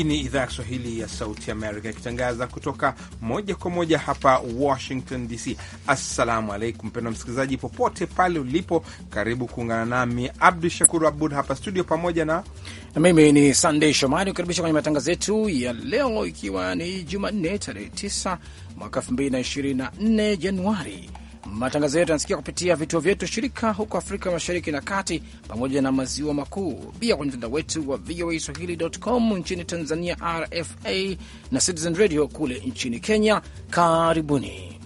Hii ni idhaa ya Kiswahili ya Sauti Amerika ikitangaza kutoka moja kwa moja hapa Washington DC. Assalamu alaikum, mpendwa msikilizaji popote pale ulipo, karibu kuungana nami Abdu Shakur Abud hapa studio pamoja na na mimi ni Sandey Shomari kukaribisha kwenye matangazo yetu ya leo, ikiwa ni Jumanne tarehe 9 mwaka 2024 Januari Matangazo yetu yanasikia kupitia vituo vyetu shirika huko Afrika Mashariki na Kati pamoja na Maziwa Makuu, pia kwenye mtandao wetu wa VOA Swahili.com nchini Tanzania, RFA na Citizen Radio kule nchini Kenya. Karibuni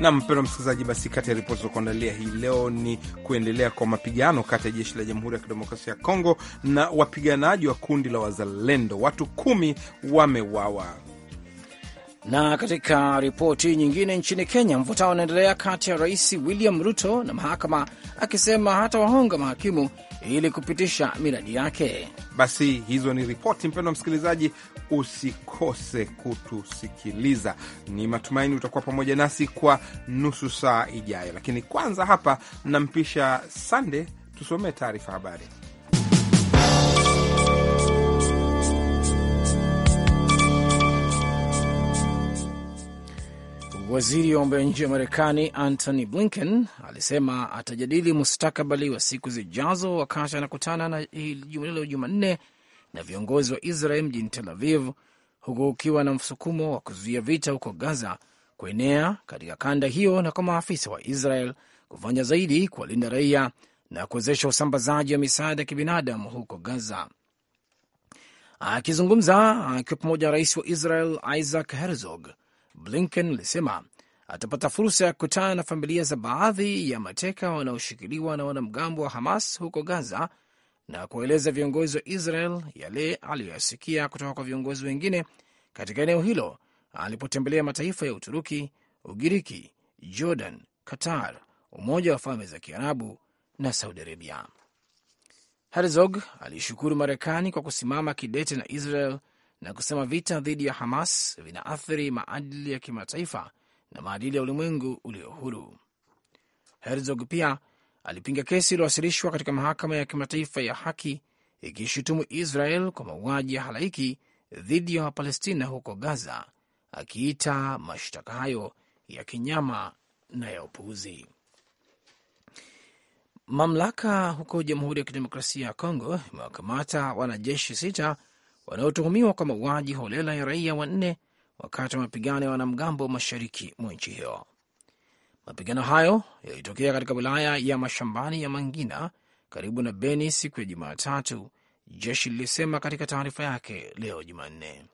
Na mpendwa msikilizaji, basi kati ya ripoti za kuandalia hii leo ni kuendelea kwa mapigano kati ya jeshi la Jamhuri ya Kidemokrasia ya Kongo na wapiganaji wa kundi la Wazalendo. Watu kumi wamewawa na katika ripoti nyingine, nchini Kenya, mvutano unaendelea kati ya Rais William Ruto na mahakama, akisema hata wahonga mahakimu ili kupitisha miradi yake. Basi hizo ni ripoti, mpendwa msikilizaji, usikose kutusikiliza. Ni matumaini utakuwa pamoja nasi kwa nusu saa ijayo, lakini kwanza hapa nampisha Sande tusomee taarifa habari. Waziri wa mambo ya nje wa Marekani Antony Blinken alisema atajadili mustakabali wa siku zijazo wakati anakutana na hilo Jumanne na viongozi wa Israel mjini Tel Aviv, huku ukiwa na msukumo wa kuzuia vita huko Gaza kuenea katika kanda hiyo na kwa maafisa wa Israel kufanya zaidi kuwalinda raia na kuwezesha usambazaji wa misaada ya kibinadamu huko Gaza. Akizungumza akiwa pamoja na rais wa Israel Isaac Herzog, Blinken alisema atapata fursa ya kukutana na familia za baadhi ya mateka wanaoshikiliwa na wanamgambo wa Hamas huko Gaza na kuwaeleza viongozi wa Israel yale aliyoyasikia kutoka kwa viongozi wengine katika eneo hilo alipotembelea mataifa ya Uturuki, Ugiriki, Jordan, Qatar, Umoja wa Falme za Kiarabu na Saudi Arabia. Herzog alishukuru Marekani kwa kusimama kidete na Israel na kusema vita dhidi ya Hamas vinaathiri maadili ya kimataifa na maadili ya ulimwengu ulio huru. Herzog pia alipinga kesi iliyowasilishwa katika mahakama ya kimataifa ya haki ikishutumu Israel kwa mauaji ya halaiki dhidi ya Wapalestina huko Gaza, akiita mashtaka hayo ya kinyama na ya upuuzi. Mamlaka huko Jamhuri ya Kidemokrasia ya Kongo imewakamata wanajeshi sita wanaotuhumiwa kwa mauaji holela ya raia wanne wakati wa mapigano ya wanamgambo mashariki mwa nchi hiyo. Mapigano hayo yalitokea katika wilaya ya mashambani ya Mangina karibu na Beni siku ya Jumatatu, jeshi lilisema katika taarifa yake leo Jumanne.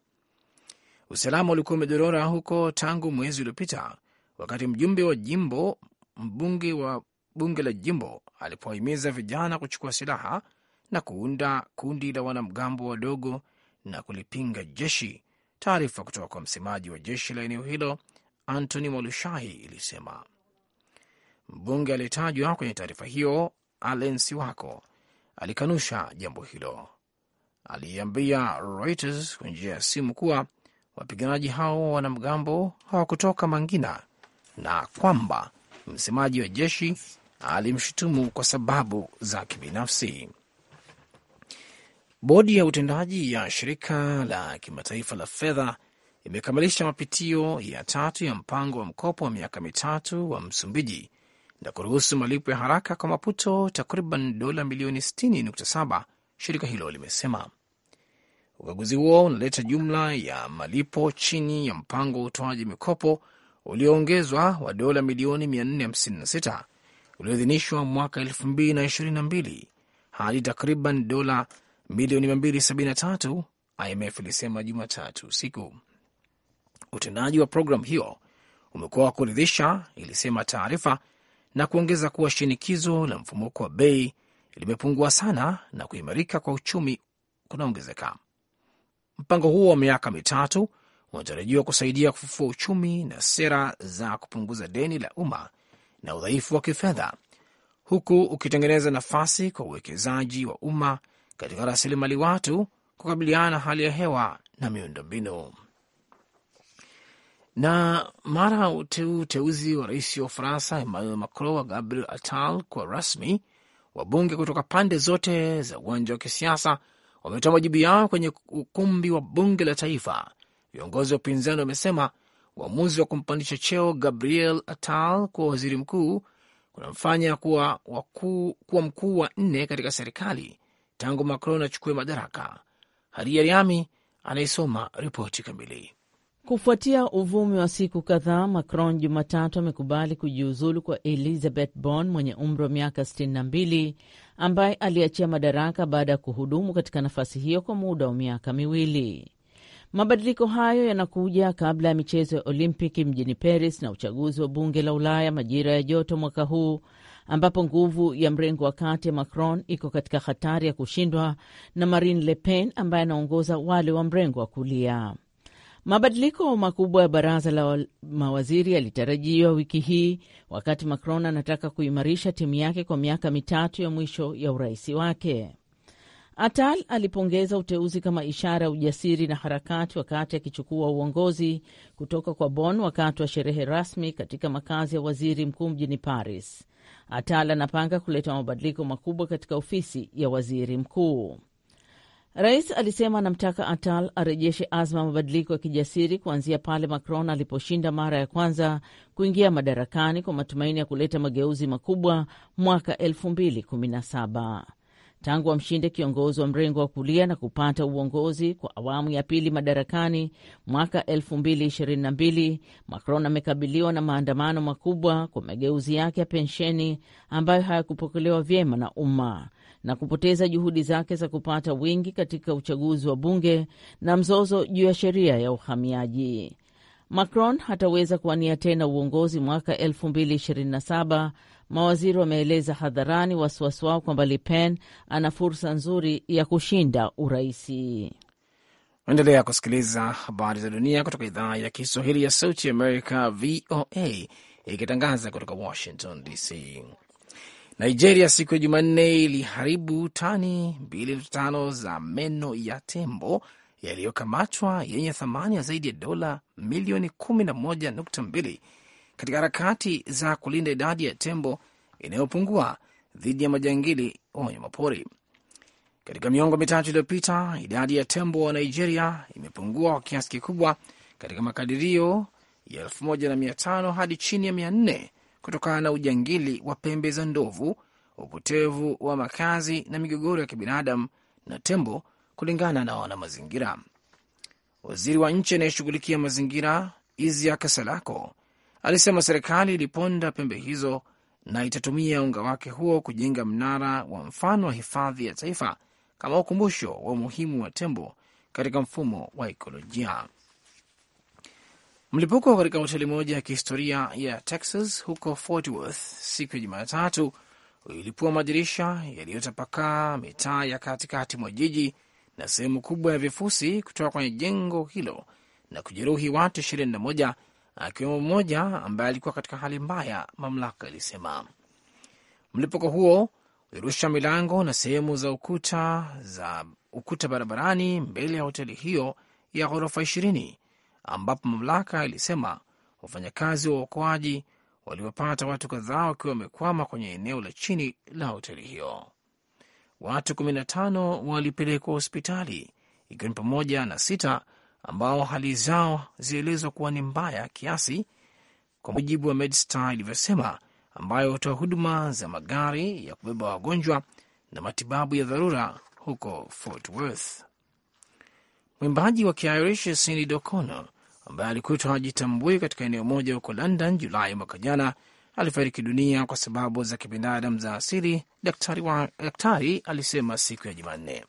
Usalama ulikuwa umedorora huko tangu mwezi uliopita, wakati mjumbe wa jimbo mbunge wa bunge la jimbo alipohimiza vijana kuchukua silaha na kuunda kundi la wanamgambo wadogo na kulipinga jeshi. Taarifa kutoka kwa msemaji wa jeshi la eneo hilo Antony Mwalushahi ilisema mbunge aliyetajwa kwenye taarifa hiyo Alen Siwako alikanusha jambo hilo. Aliambia Reuters kwa njia ya simu kuwa wapiganaji hao wanamgambo hawakutoka Mangina na kwamba msemaji wa jeshi alimshutumu kwa sababu za kibinafsi. Bodi ya utendaji ya shirika la kimataifa la fedha imekamilisha mapitio ya tatu ya mpango wa mkopo wa miaka mitatu wa Msumbiji na kuruhusu malipo ya haraka kwa Maputo takriban dola milioni 60.7, shirika hilo limesema. Ukaguzi huo unaleta jumla ya malipo chini ya mpango wa utoaji mikopo ulioongezwa wa dola milioni 456 ulioidhinishwa mwaka 2022 hadi takriban dola milioni 273, IMF ilisema Jumatatu usiku. Utendaji wa programu hiyo umekuwa wa kuridhisha, ilisema taarifa, na kuongeza kuwa shinikizo la mfumuko wa bei limepungua sana na kuimarika kwa uchumi kunaongezeka. Mpango huo wa miaka mitatu unatarajiwa kusaidia kufufua uchumi na sera za kupunguza deni la umma na udhaifu wa kifedha, huku ukitengeneza nafasi kwa uwekezaji wa umma katika rasilimali watu kukabiliana na hali ya hewa na miundombinu. Na mara uteuzi wa rais wa Ufaransa Emmanuel Macron wa Gabriel Attal kwa rasmi, wabunge kutoka pande zote za uwanja wa kisiasa wametoa majibu yao kwenye ukumbi wa bunge la taifa. Viongozi wa upinzani wamesema uamuzi wa kumpandisha cheo Gabriel Attal kuwa waziri mkuu kunamfanya kuwa, kuwa mkuu wa nne katika serikali tangu Macron achukue madaraka. Hadiariami anayesoma ripoti kamili. Kufuatia uvumi wa siku kadhaa, Macron Jumatatu amekubali kujiuzulu kwa Elizabeth bon mwenye umri wa miaka 62 ambaye aliachia madaraka baada ya kuhudumu katika nafasi hiyo kwa muda wa miaka miwili. Mabadiliko hayo yanakuja kabla ya michezo ya Olimpiki mjini Paris na uchaguzi wa bunge la Ulaya majira ya joto mwaka huu ambapo nguvu ya mrengo wa kati ya Macron iko katika hatari ya kushindwa na Marine Le Pen ambaye anaongoza wale wa mrengo wa kulia. Mabadiliko makubwa ya baraza la mawaziri yalitarajiwa wiki hii, wakati Macron anataka kuimarisha timu yake kwa miaka mitatu ya mwisho ya urais wake. Atal alipongeza uteuzi kama ishara ya ujasiri na harakati, wakati akichukua uongozi kutoka kwa Bon wakati wa sherehe rasmi katika makazi ya waziri mkuu mjini Paris. Atala anapanga kuleta mabadiliko makubwa katika ofisi ya waziri mkuu. Rais alisema anamtaka Atal arejeshe azma ya mabadiliko ya kijasiri kuanzia pale Macron aliposhinda mara ya kwanza kuingia madarakani kwa matumaini ya kuleta mageuzi makubwa mwaka 2017 tangu amshinde kiongozi wa mrengo wa kulia na kupata uongozi kwa awamu ya pili madarakani mwaka 2022, Macron amekabiliwa na maandamano makubwa kwa mageuzi yake ya pensheni ambayo hayakupokelewa vyema na umma na kupoteza juhudi zake za kupata wingi katika uchaguzi wa bunge na mzozo juu ya sheria ya uhamiaji. Macron hataweza kuwania tena uongozi mwaka Mawaziri wameeleza hadharani wasiwasi wao kwamba Le Pen ana fursa nzuri ya kushinda uraisi. Endelea kusikiliza habari za dunia kutoka idhaa ya Kiswahili ya Sauti Amerika, VOA, ikitangaza kutoka Washington DC. Nigeria siku ya Jumanne iliharibu tani 2.5 za meno ya tembo yaliyokamatwa yenye thamani ya zaidi ya dola milioni 11.2 katika harakati za kulinda idadi ya tembo inayopungua dhidi ya majangili wa wanyamapori. Katika miongo mitatu iliyopita, idadi ya tembo wa Nigeria imepungua kwa kiasi kikubwa katika makadirio ya elfu moja na mia tano hadi chini ya mia nne kutokana na ujangili wa pembe za ndovu, upotevu wa makazi na migogoro ya kibinadamu na tembo, kulingana na wanamazingira. Waziri wa nchi anayeshughulikia mazingira Isiaka Salako Alisema serikali iliponda pembe hizo na itatumia unga wake huo kujenga mnara wa mfano wa hifadhi ya taifa kama ukumbusho wa umuhimu wa tembo katika mfumo wa ekolojia. Mlipuko katika hoteli moja ya kihistoria ya Texas huko Fort Worth siku ya Jumatatu ilipua madirisha yaliyotapakaa mitaa ya katikati mwa jiji na sehemu kubwa ya vifusi kutoka kwenye jengo hilo na kujeruhi watu moja akiwemo mmoja ambaye alikuwa katika hali mbaya, mamlaka ilisema. Mlipuko huo ulirusha milango na sehemu za ukuta za ukuta barabarani mbele ya hoteli hiyo ya ghorofa ishirini ambapo mamlaka ilisema wafanyakazi wa uokoaji waliwapata watu kadhaa wakiwa wamekwama kwenye eneo la chini la hoteli hiyo. Watu 15 walipelekwa hospitali ikiwa ni pamoja na sita ambao hali zao zilielezwa kuwa ni mbaya kiasi, kwa mujibu wa MedStar ilivyosema, ambayo hutoa huduma za magari ya kubeba wagonjwa na matibabu ya dharura huko Fort Worth. Mwimbaji wa Kiirish sini O'Connor ambaye alikutwa hajitambui katika eneo moja huko London Julai mwaka jana alifariki dunia kwa sababu za kibinadamu za asili, daktari, wa, daktari alisema siku ya Jumanne.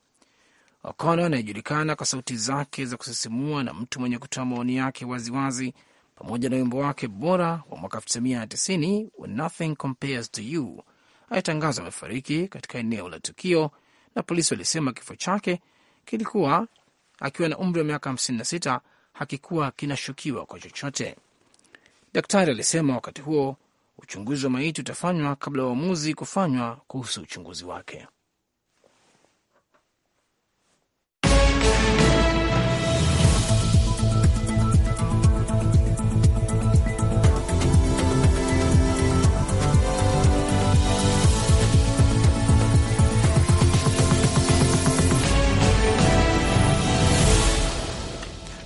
O'Connor anayejulikana kwa sauti zake za kusisimua na mtu mwenye kutoa maoni yake waziwazi, pamoja na wimbo wake bora wa mwaka 1990 Nothing Compares to You, alitangaza amefariki katika eneo la tukio, na polisi walisema kifo chake kilikuwa akiwa na umri wa miaka 56 hakikuwa kinashukiwa kwa chochote. Daktari alisema wakati huo uchunguzi wa maiti utafanywa kabla ya uamuzi kufanywa kuhusu uchunguzi wake.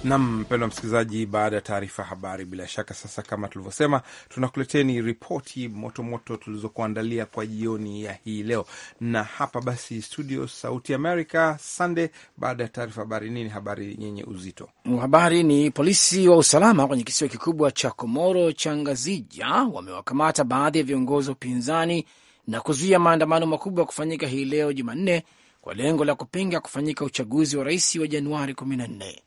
Nam, mpendwa msikilizaji, baada ya taarifa habari, bila shaka sasa, kama tulivyosema, tunakuleteni ripoti motomoto tulizokuandalia kwa jioni ya hii leo. Na hapa basi studio Sauti Amerika, Sande, baada ya taarifa habari, nini habari yenye uzito? Habari ni polisi wa usalama kwenye kisiwa kikubwa cha Komoro cha Ngazija wamewakamata baadhi ya viongozi wa upinzani na kuzuia maandamano makubwa ya kufanyika hii leo Jumanne kwa lengo la kupinga kufanyika uchaguzi wa rais wa Januari nne.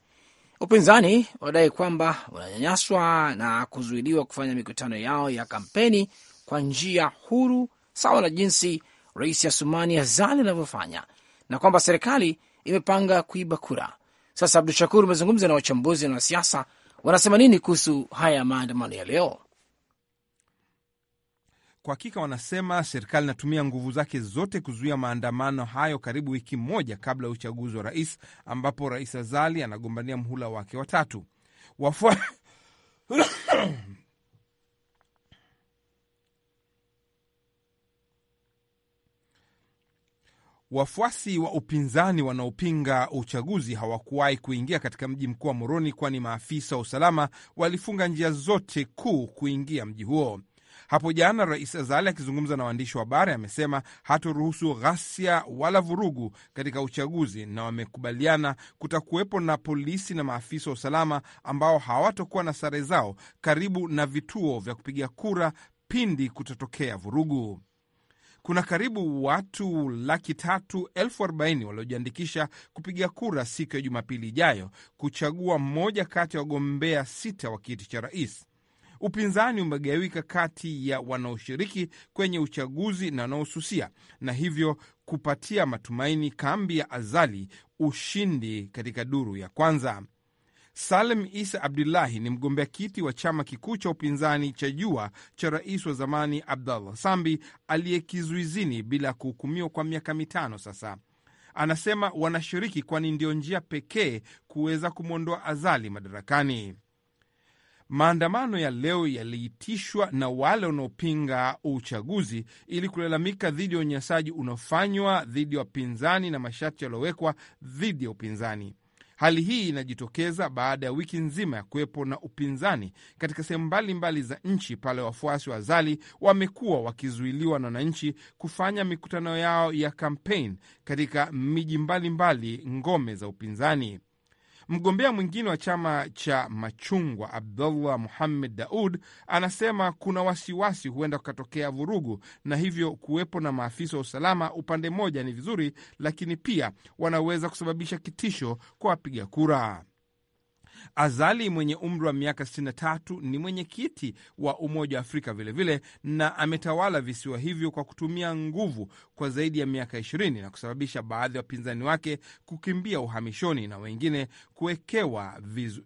Upinzani wanadai kwamba wananyanyaswa na kuzuiliwa kufanya mikutano yao ya kampeni kwa njia huru, sawa na jinsi rais Asumani Azali anavyofanya na kwamba serikali imepanga kuiba kura. Sasa Abdu Shakur, umezungumza na wachambuzi na wanasiasa, wanasema nini kuhusu haya maandamano ya leo? Kwa hakika, wanasema serikali inatumia nguvu zake zote kuzuia maandamano hayo, karibu wiki moja kabla ya uchaguzi wa rais, ambapo rais Azali anagombania mhula wake watatu. Wafua... Wafuasi wa upinzani wanaopinga uchaguzi hawakuwahi kuingia katika mji mkuu wa Moroni, kwani maafisa wa usalama walifunga njia zote kuu kuingia mji huo. Hapo jana Rais Azali akizungumza na waandishi wa habari amesema hatoruhusu ghasia wala vurugu katika uchaguzi, na wamekubaliana kutakuwepo na polisi na maafisa wa usalama ambao hawatokuwa na sare zao karibu na vituo vya kupiga kura pindi kutatokea vurugu. Kuna karibu watu laki tatu elfu arobaini waliojiandikisha kupiga kura siku ya Jumapili ijayo kuchagua mmoja kati ya wagombea sita wa kiti cha rais. Upinzani umegawika kati ya wanaoshiriki kwenye uchaguzi na wanaosusia na hivyo kupatia matumaini kambi ya Azali ushindi katika duru ya kwanza. Salem Isa Abdullahi ni mgombea kiti wa chama kikuu cha upinzani cha Jua cha rais wa zamani Abdallah Sambi aliyekizuizini bila kuhukumiwa kwa miaka mitano sasa. Anasema wanashiriki kwani ndio njia pekee kuweza kumwondoa Azali madarakani. Maandamano ya leo yaliitishwa na wale wanaopinga uchaguzi ili kulalamika dhidi ya unyanyasaji unaofanywa dhidi ya wapinzani na masharti yaliyowekwa dhidi ya upinzani. Hali hii inajitokeza baada ya wiki nzima ya kuwepo na upinzani katika sehemu mbalimbali za nchi, pale wafuasi wa Zali wamekuwa wakizuiliwa na wananchi kufanya mikutano yao ya kampeni katika miji mbalimbali, ngome za upinzani. Mgombea mwingine wa chama cha machungwa Abdullah Muhammed Daud anasema kuna wasiwasi huenda kukatokea vurugu, na hivyo kuwepo na maafisa wa usalama upande mmoja ni vizuri, lakini pia wanaweza kusababisha kitisho kwa wapiga kura. Azali mwenye umri wa miaka 63 ni mwenyekiti wa Umoja wa Afrika vilevile vile, na ametawala visiwa hivyo kwa kutumia nguvu kwa zaidi ya miaka 20 na kusababisha baadhi ya wapinzani wake kukimbia uhamishoni na wengine kuwekewa vizu,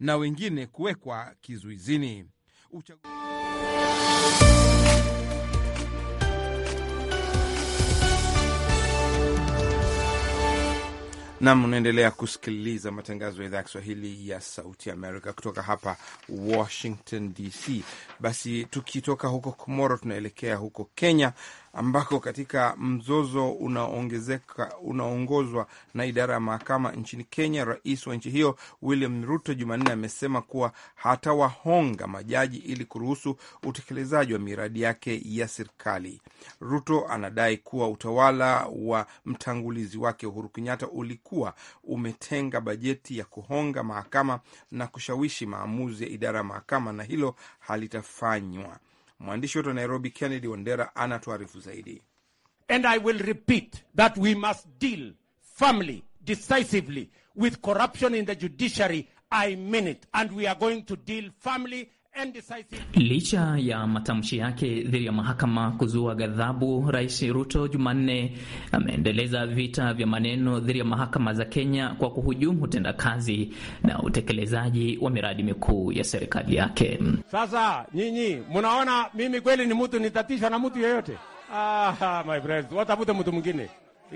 na wengine kuwekwa kizuizini Uchag Nam, unaendelea kusikiliza matangazo ya idhaa ya Kiswahili ya Sauti Amerika kutoka hapa Washington DC. Basi tukitoka huko Komoro, tunaelekea huko Kenya ambako katika mzozo unaongezeka unaongozwa na idara ya mahakama nchini Kenya, rais wa nchi hiyo William Ruto Jumanne amesema kuwa hatawahonga majaji ili kuruhusu utekelezaji wa miradi yake ya serikali. Ruto anadai kuwa utawala wa mtangulizi wake Uhuru Kenyatta ulikuwa umetenga bajeti ya kuhonga mahakama na kushawishi maamuzi ya idara ya mahakama, na hilo halitafanywa. Mwandishi wetu wa Nairobi, Kennedy Wandera, anatuarifu zaidi. And I will repeat that we must deal firmly, decisively with corruption in the judiciary. I mean it. And we are going to deal firmly Licha ya matamshi yake dhidi ya mahakama kuzua ghadhabu, Rais Ruto Jumanne ameendeleza vita vya maneno dhidi ya mahakama za Kenya kwa kuhujumu utendakazi na utekelezaji wa miradi mikuu ya serikali yake. Sasa nyinyi munaona mimi kweli ni mtu nitatishwa na mtu yeyote? Ah, my friends, watafute mtu mwingine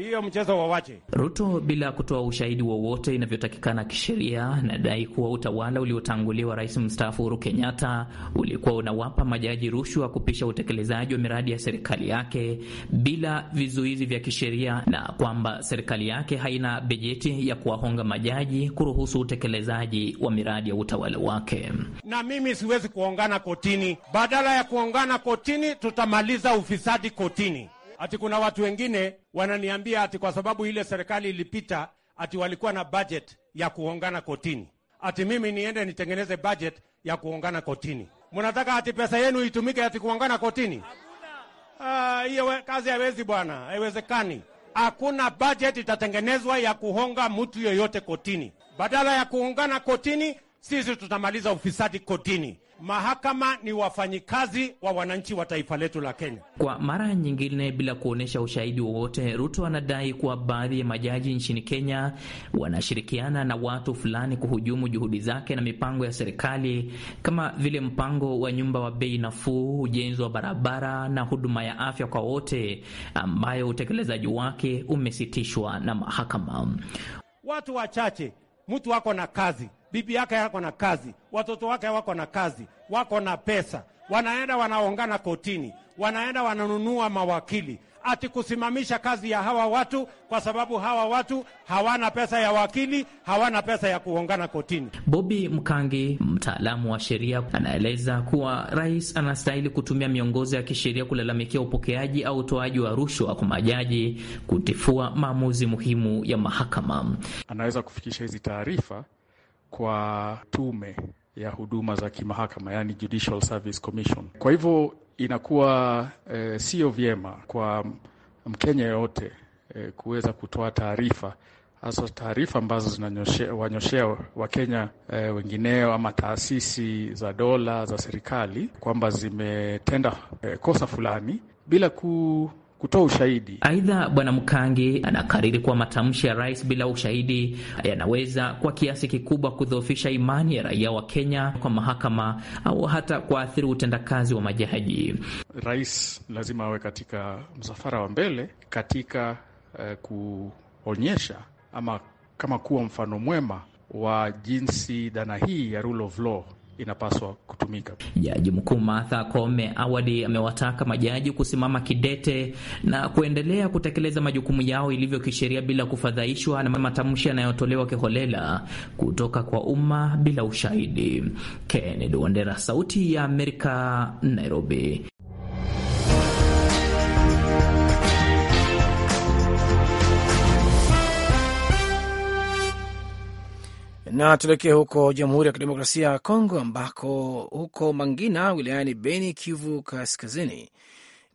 hiyo mchezo wawache. Ruto bila kutoa ushahidi wowote inavyotakikana kisheria, nadai kuwa utawala uliotanguliwa wa rais mstaafu Uhuru Kenyatta ulikuwa unawapa majaji rushwa kupisha utekelezaji wa miradi ya serikali yake bila vizuizi vya kisheria, na kwamba serikali yake haina bajeti ya kuwahonga majaji kuruhusu utekelezaji wa miradi ya utawala wake. Na mimi siwezi kuongana kotini, badala ya kuongana kotini tutamaliza ufisadi kotini. Ati kuna watu wengine wananiambia ati kwa sababu ile serikali ilipita, ati walikuwa na budget ya kuongana kotini, ati mimi niende nitengeneze budget ya kuongana kotini. Mnataka ati pesa yenu itumike ati kuongana kotini? Ah, hiyo uh, kazi haiwezi bwana, haiwezekani. Hakuna budget itatengenezwa ya kuhonga mtu yoyote kotini. Badala ya kuungana kotini, sisi tutamaliza ufisadi kotini. Mahakama ni wafanyikazi wa wananchi wa taifa letu la Kenya. Kwa mara nyingine, bila kuonyesha ushahidi wowote, Ruto anadai kuwa baadhi ya majaji nchini Kenya wanashirikiana na watu fulani kuhujumu juhudi zake na mipango ya serikali kama vile mpango wa nyumba wa bei nafuu, ujenzi wa barabara na huduma ya afya kwa wote, ambayo utekelezaji wake umesitishwa na mahakama. Watu wachache, mtu wako na kazi bibi yake yako na kazi, watoto wake wako na kazi, wako na pesa, wanaenda wanaongana kotini, wanaenda wananunua mawakili, ati kusimamisha kazi ya hawa watu kwa sababu hawa watu hawana pesa ya wakili, hawana pesa ya kuongana kotini. Bobi Mkangi, mtaalamu wa sheria, anaeleza kuwa rais anastahili kutumia miongozo ya kisheria kulalamikia upokeaji au utoaji wa rushwa kwa majaji kutifua maamuzi muhimu ya mahakama. Anaweza kufikisha hizi taarifa kwa tume ya huduma za kimahakama, yani Judicial Service Commission. Kwa hivyo inakuwa eh, sio vyema kwa Mkenya yoyote eh, kuweza kutoa taarifa hasa taarifa ambazo zinawanyoshea Wakenya eh, wengineo ama taasisi za dola za serikali kwamba zimetenda eh, kosa fulani bila ku kutoa ushahidi. Aidha, Bwana Mkangi anakariri kuwa matamshi ya rais bila ushahidi yanaweza kwa kiasi kikubwa kudhoofisha imani ya raia wa Kenya kwa mahakama au hata kuathiri utendakazi wa majaji. Rais lazima awe katika msafara wa mbele katika uh, kuonyesha ama kama kuwa mfano mwema wa jinsi dhana hii ya rule of law inapaswa kutumika. Jaji Mkuu Martha Koome awali amewataka majaji kusimama kidete na kuendelea kutekeleza majukumu yao ilivyo kisheria bila kufadhaishwa na matamshi yanayotolewa kiholela kutoka kwa umma bila ushahidi. Kennedy Wandera, Sauti ya Amerika, Nairobi. Na tuelekee huko Jamhuri ya Kidemokrasia ya Kongo, ambako huko Mangina wilayani Beni, Kivu Kaskazini,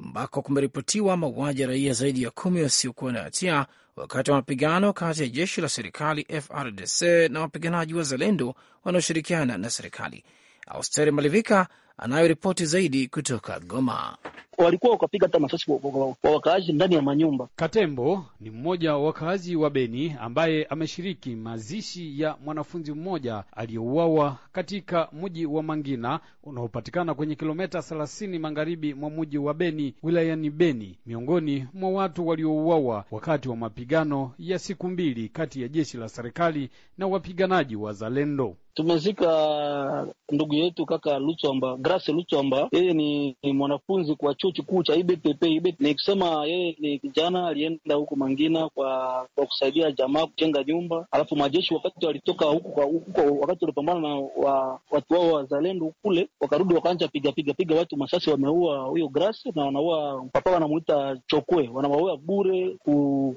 ambako kumeripotiwa mauaji ya raia zaidi ya kumi wasiokuwa na hatia wakati wa mapigano kati ya jeshi la serikali FRDC na wapiganaji wa Zalendo wanaoshirikiana na serikali. Austeri Malivika anayoripoti zaidi kutoka Goma. Walikuwa wakapiga hata masasi kwa wakaazi ndani ya manyumba. Katembo ni mmoja wa wakaazi wa Beni ambaye ameshiriki mazishi ya mwanafunzi mmoja aliyeuawa katika mji wa Mangina unaopatikana kwenye kilometa thelathini magharibi mwa mji wa Beni wilayani Beni, miongoni mwa watu waliouawa wakati wa mapigano ya siku mbili kati ya jeshi la serikali na wapiganaji wa Zalendo tumezika ndugu yetu kaka Luchomba, Grace Luchomba. Yeye ni, ni mwanafunzi kwa chuo kikuu cha IBPP. Ni kusema yeye ni kijana alienda huku Mangina kwa, kwa kusaidia jamaa kujenga nyumba, alafu majeshi wakati walitoka huko kwa huko, wakati walipambana na wa, watu wao wazalendo kule, wakarudi wakaanza piga piga piga watu masasi, wameua huyo Grace na wanaua mpaka wanamuita Chokwe, wanawaua bure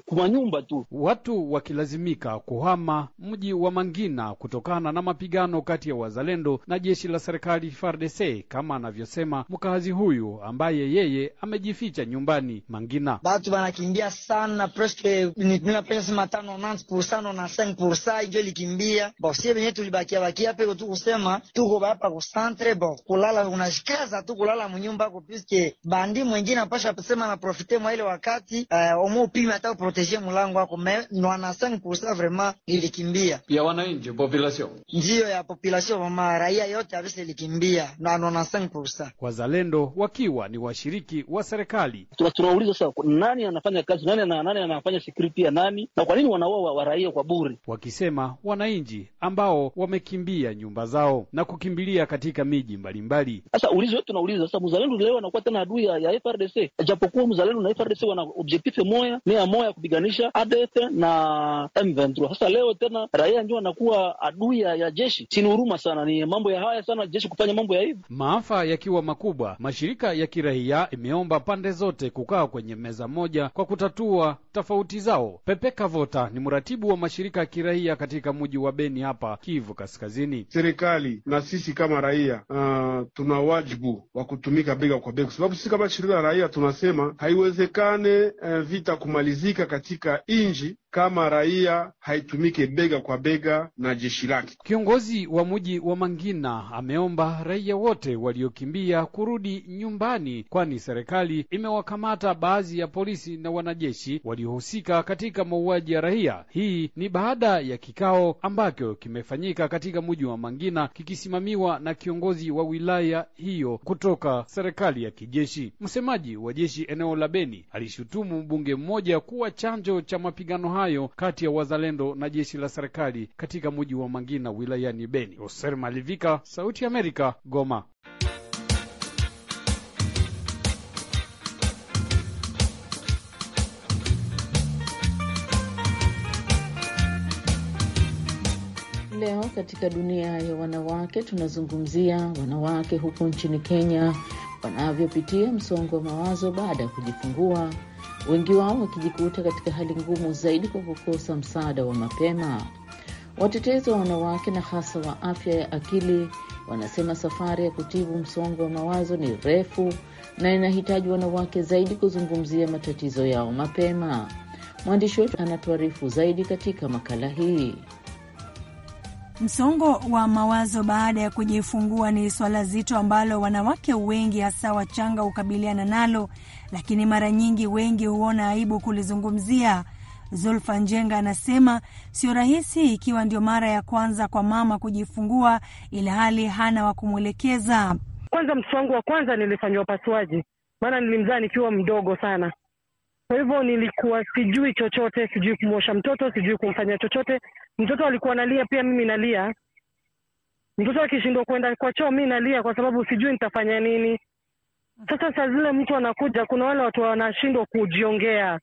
kuma nyumba tu, watu wakilazimika kuhama mji wa Mangina kutokana na mapiga mapigano kati ya wazalendo na jeshi la serikali FARDC, kama anavyosema mkazi huyu ambaye yeye amejificha nyumbani Mangina. Batu wanakimbia sana presque ninapesema tano mans pursano na sen pursa injo likimbia bosie benye tulibakia bakia peko tu kusema tuko hapa bapa centre bo kulala unashikaza tu kulala munyumba ko piske bandi mwingine apasha sema na profite mwa ile wakati uh, omo pima hata protege mulango wako me nwana sen pursa vraiment ilikimbia pia wananchi population makimbilio ya population mama raia yote avisi ilikimbia na anona sankusa wazalendo wakiwa ni washiriki wa serikali. Tunauliza sasa, nani anafanya kazi nani, na, nani anafanya security ya nani na kwa nini wanaua waraia kwa bure, wakisema wananchi ambao wamekimbia nyumba zao na kukimbilia katika miji mbalimbali. Sasa ulizo wetu tunauliza sasa, mzalendo leo anakuwa tena adui ya, ya FRDC, japokuwa mzalendo na FRDC wana objective moya nia moya ya kupiganisha ADF na M23. Sasa leo tena raia ndio anakuwa adui ya, ya jeshi. sini huruma sana, ni mambo ya haya sana jeshi kufanya mambo ya hivi. Maafa yakiwa makubwa, mashirika ya kiraia imeomba pande zote kukaa kwenye meza moja kwa kutatua tofauti zao. Pepe Kavota ni mratibu wa mashirika ya kiraia katika mji wa Beni hapa Kivu Kaskazini. Serikali na sisi kama raia uh, tuna wajibu wa kutumika bega kwa bega, kwa sababu sisi kama shirika la raia tunasema haiwezekane uh, vita kumalizika katika inji kama raia haitumike bega kwa bega na jeshi lake. Kiongozi wa mji wa Mangina ameomba raia wote waliokimbia kurudi nyumbani, kwani serikali imewakamata baadhi ya polisi na wanajeshi waliohusika katika mauaji ya raia. Hii ni baada ya kikao ambacho kimefanyika katika mji wa Mangina kikisimamiwa na kiongozi wa wilaya hiyo kutoka serikali ya kijeshi. Msemaji wa jeshi eneo la Beni alishutumu bunge mmoja kuwa chanjo cha mapigano haya hayo kati ya wazalendo na jeshi la serikali katika mji wa Mangina wilayani Beni. Oser Malivika, Sauti ya Amerika, Goma. Leo katika dunia ya wanawake tunazungumzia wanawake huko nchini Kenya wanavyopitia msongo wa mawazo baada ya kujifungua wengi wao wakijikuta katika hali ngumu zaidi kwa kukosa msaada wa mapema. Watetezi wa wanawake na hasa wa afya ya akili wanasema safari ya kutibu msongo wa mawazo ni refu na inahitaji wanawake zaidi kuzungumzia matatizo yao mapema. Mwandishi wetu anatuarifu zaidi katika makala hii. Msongo wa mawazo baada ya kujifungua ni swala zito ambalo wanawake wengi hasa wachanga hukabiliana nalo, lakini mara nyingi wengi huona aibu kulizungumzia. Zulfa Njenga anasema sio rahisi ikiwa ndio mara ya kwanza kwa mama kujifungua, ila hali hana wa kumwelekeza. Kwanza mtoto wangu wa kwanza nilifanyiwa upasuaji, maana nilimzaa nikiwa mdogo sana kwa hivyo nilikuwa sijui chochote, sijui kumwosha mtoto, sijui kumfanya chochote. Mtoto alikuwa nalia pia mimi nalia. Mtoto akishindwa kuenda kwa choo, mi nalia kwa sababu sijui nitafanya nini. Sasa saa zile mtu anakuja, kuna wale watu wanashindwa kujiongea,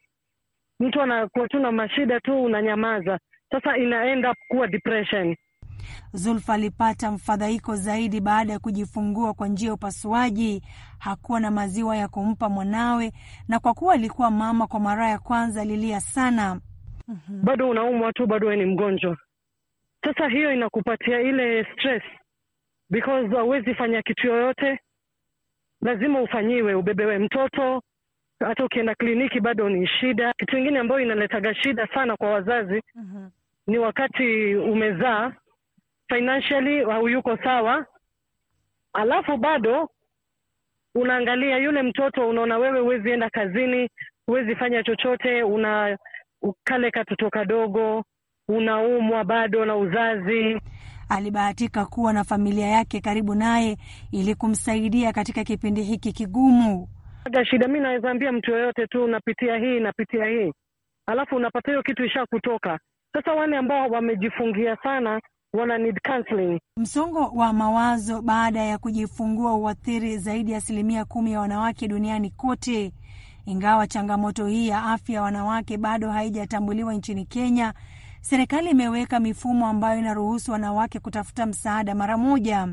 mtu anakuwa tu na mashida tu, unanyamaza. Sasa ina end kuwa depression. Zulfa alipata mfadhaiko zaidi baada ya kujifungua kwa njia ya upasuaji. Hakuwa na maziwa ya kumpa mwanawe, na kwa kuwa alikuwa mama kwa mara ya kwanza, alilia sana. Mhm. Bado unaumwa tu, bado wewe ni mgonjwa. Sasa hiyo inakupatia ile stress because hauwezi fanya kitu yoyote, lazima ufanyiwe, ubebewe mtoto hata ukienda kliniki bado ni shida. Kitu ingine ambayo inaletaga shida sana kwa wazazi uh mhm. -huh. ni wakati umezaa financially hauyuko sawa, alafu bado unaangalia yule mtoto, unaona wewe huwezi enda kazini, huwezi fanya chochote, una kale katoto kadogo, unaumwa bado na uzazi. Alibahatika kuwa na familia yake karibu naye ili kumsaidia katika kipindi hiki kigumu. Shida mi naweza ambia mtu yoyote tu, napitia hii napitia hii, alafu unapata hiyo kitu isha kutoka. Sasa wale ambao wamejifungia sana wana need counseling. Msongo wa mawazo baada ya kujifungua huathiri zaidi ya asilimia kumi ya wanawake duniani kote. Ingawa changamoto hii ya afya ya wanawake bado haijatambuliwa nchini Kenya, serikali imeweka mifumo ambayo inaruhusu wanawake kutafuta msaada mara moja.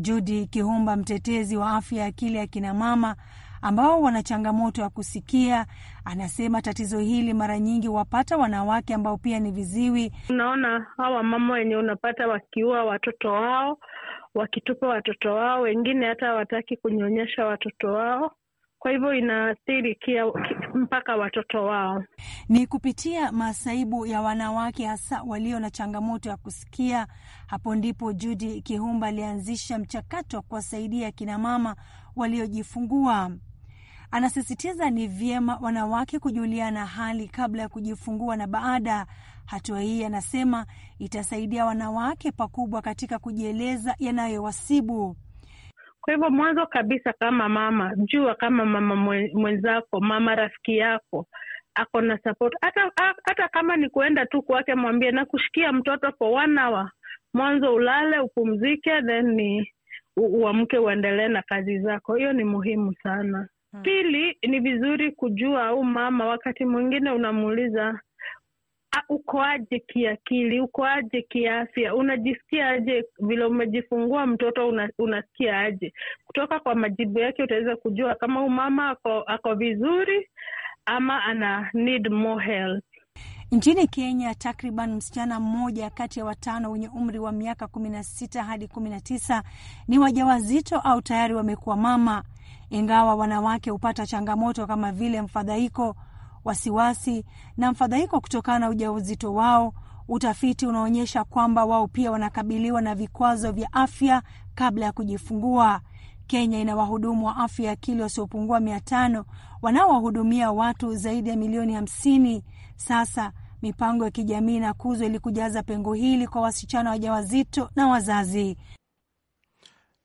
judi Kihumba, mtetezi wa afya ya akili ya kinamama, ambao wana changamoto ya kusikia. Anasema tatizo hili mara nyingi wapata wanawake ambao pia ni viziwi. Unaona, hawa mama wenye unapata wakiua watoto wao, wakitupa watoto wao, wengine hata hawataki kunyonyesha watoto wao kwa hivyo inaathiri kia mpaka watoto wao. Ni kupitia masaibu ya wanawake hasa walio na changamoto ya kusikia. Hapo ndipo judi Kihumba alianzisha mchakato wa kuwasaidia kinamama waliojifungua. Anasisitiza ni vyema wanawake kujuliana hali kabla ya kujifungua na baada. Hatua hii, anasema, itasaidia wanawake pakubwa katika kujieleza yanayowasibu. Kwa hivyo mwanzo kabisa, kama mama, jua kama mama mwenzako, mama rafiki yako ako na support, hata hata kama ni kuenda tu kwake, mwambie nakushikia mtoto for one hour. Mwanzo ulale upumzike, then ni uamke uendelee na kazi zako. Hiyo ni muhimu sana. Hmm. Pili, ni vizuri kujua au mama, wakati mwingine unamuuliza ukoaje kiakili, ukoaje kiafya, unajisikia aje vile umejifungua mtoto una, unasikia aje? Kutoka kwa majibu yake utaweza kujua kama huu mama ako, ako vizuri ama ana need more help. Nchini Kenya, takriban msichana mmoja kati ya watano wenye umri wa miaka kumi na sita hadi kumi na tisa ni wajawazito au tayari wamekuwa mama, ingawa wanawake hupata changamoto kama vile mfadhaiko, wasiwasi na mfadhaiko kutokana na ujauzito wao. Utafiti unaonyesha kwamba wao pia wanakabiliwa na vikwazo vya afya kabla ya kujifungua. Kenya ina wahudumu wa afya ya akili wasiopungua mia tano wanaowahudumia watu zaidi ya milioni hamsini. Sasa Mipango ya kijamii inakuzwa ili kujaza pengo hili kwa wasichana wajawazito na wazazi.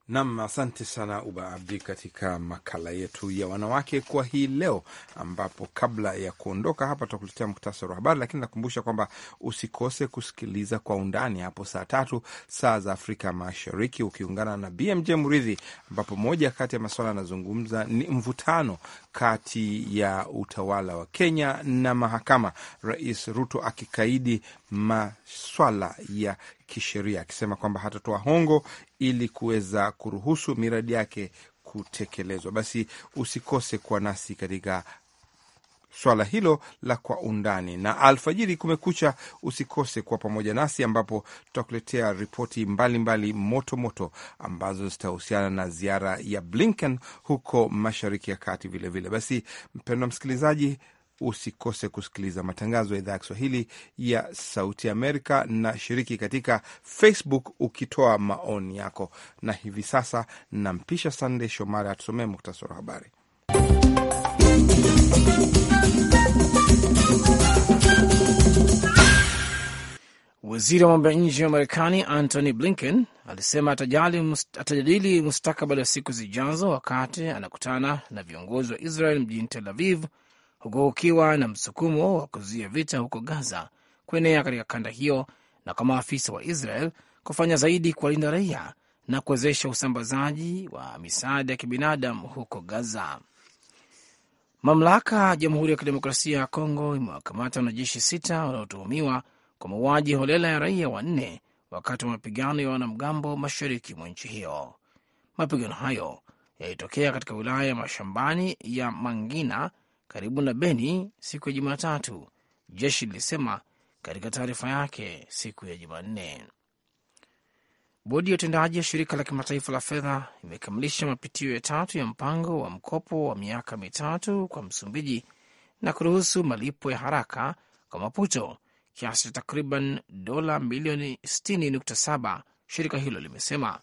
Nam, asante sana Uba Abdi katika makala yetu ya wanawake kwa hii leo, ambapo kabla ya kuondoka hapa tutakuletea muktasari wa habari, lakini nakumbusha kwamba usikose kusikiliza kwa undani hapo saa tatu saa za Afrika Mashariki ukiungana na BMJ mridhi ambapo moja kati ya maswala yanazungumza ni mvutano kati ya utawala wa Kenya na mahakama, Rais Ruto akikaidi maswala ya kisheria, akisema kwamba hatatoa hongo ili kuweza kuruhusu miradi yake kutekelezwa. Basi usikose kuwa nasi katika swala hilo la kwa undani na alfajiri kumekucha. Usikose kuwa pamoja nasi, ambapo tutakuletea ripoti mbalimbali motomoto ambazo zitahusiana na ziara ya Blinken huko Mashariki ya Kati vilevile vile. Basi mpendwa msikilizaji usikose kusikiliza matangazo ya idhaa ya Kiswahili ya Sauti Amerika, na shiriki katika Facebook ukitoa maoni yako. Na hivi sasa nampisha Sandey Shomari atusomee muktasari wa habari. Waziri wa mambo ya nje wa Marekani Antony Blinken alisema atajadili mustakabali wa siku zijazo wakati anakutana na viongozi wa Israel mjini Tel Aviv huku ukiwa na msukumo wa kuzuia vita huko Gaza kuenea katika kanda hiyo na kwa maafisa wa Israel kufanya zaidi kuwalinda raia na kuwezesha usambazaji wa misaada ya kibinadamu huko Gaza. Mamlaka ya Jamhuri ya Kidemokrasia ya Kongo imewakamata wanajeshi sita wanaotuhumiwa kwa mauaji holela ya raia wanne wakati wa mapigano ya wanamgambo mashariki mwa nchi hiyo. Mapigano hayo yalitokea katika wilaya ya mashambani ya Mangina karibu na Beni siku ya Jumatatu, jeshi lilisema katika taarifa yake siku ya Jumanne. Bodi ya utendaji ya shirika la kimataifa la fedha imekamilisha mapitio ya tatu ya mpango wa mkopo wa miaka mitatu kwa Msumbiji na kuruhusu malipo ya haraka kwa Maputo kiasi cha takriban dola milioni 60.7, shirika hilo limesema.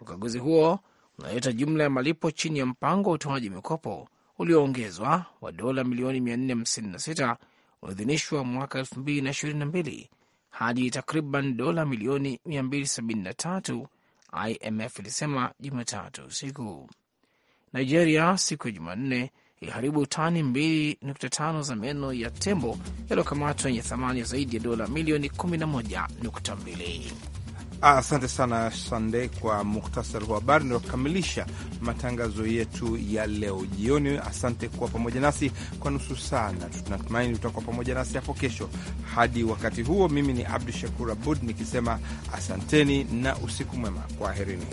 Ukaguzi huo unaleta jumla ya malipo chini ya mpango wa utoaji mikopo ulioongezwa wa dola milioni 456 uliidhinishwa mwaka 2022 hadi takriban dola milioni 273, IMF ilisema Jumatatu usiku. Nigeria siku ya Jumanne iliharibu tani 2.5 za meno ya tembo yaliyokamatwa yenye thamani ya zaidi ya dola milioni 11.2. Ah, asante sana Sande kwa muktasari wa habari. Ndio matangazo yetu ya leo jioni. Asante kuwa pamoja nasi kwa nusu sana tunatumaini utakuwa pamoja nasi hapo kesho. Hadi wakati huo, mimi ni Abdu Shakur Abud nikisema asanteni na usiku mwema, kwaherini.